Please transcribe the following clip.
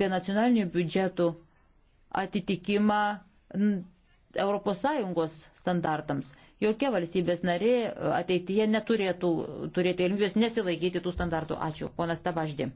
apie nacionalinių biudžetų atitikimą ES standartams. Jokia valstybės narė e, ateityje neturėtų turėti galimybės nesilaikyti tų standartų. Ačiū. Ponas Tabaždė.